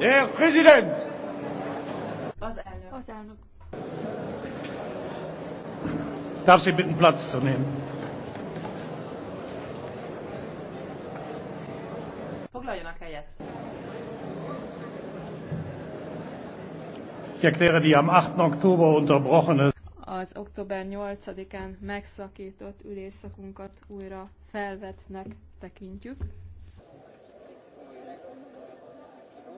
Der Präsident! Az elnök. Az elnök. Darf Sie bitten, Platz zu nehmen? Foglaljanak helyet. Ich erkläre die am 8. Oktober unterbrochene az október 8-án megszakított ülésszakunkat újra felvetnek tekintjük.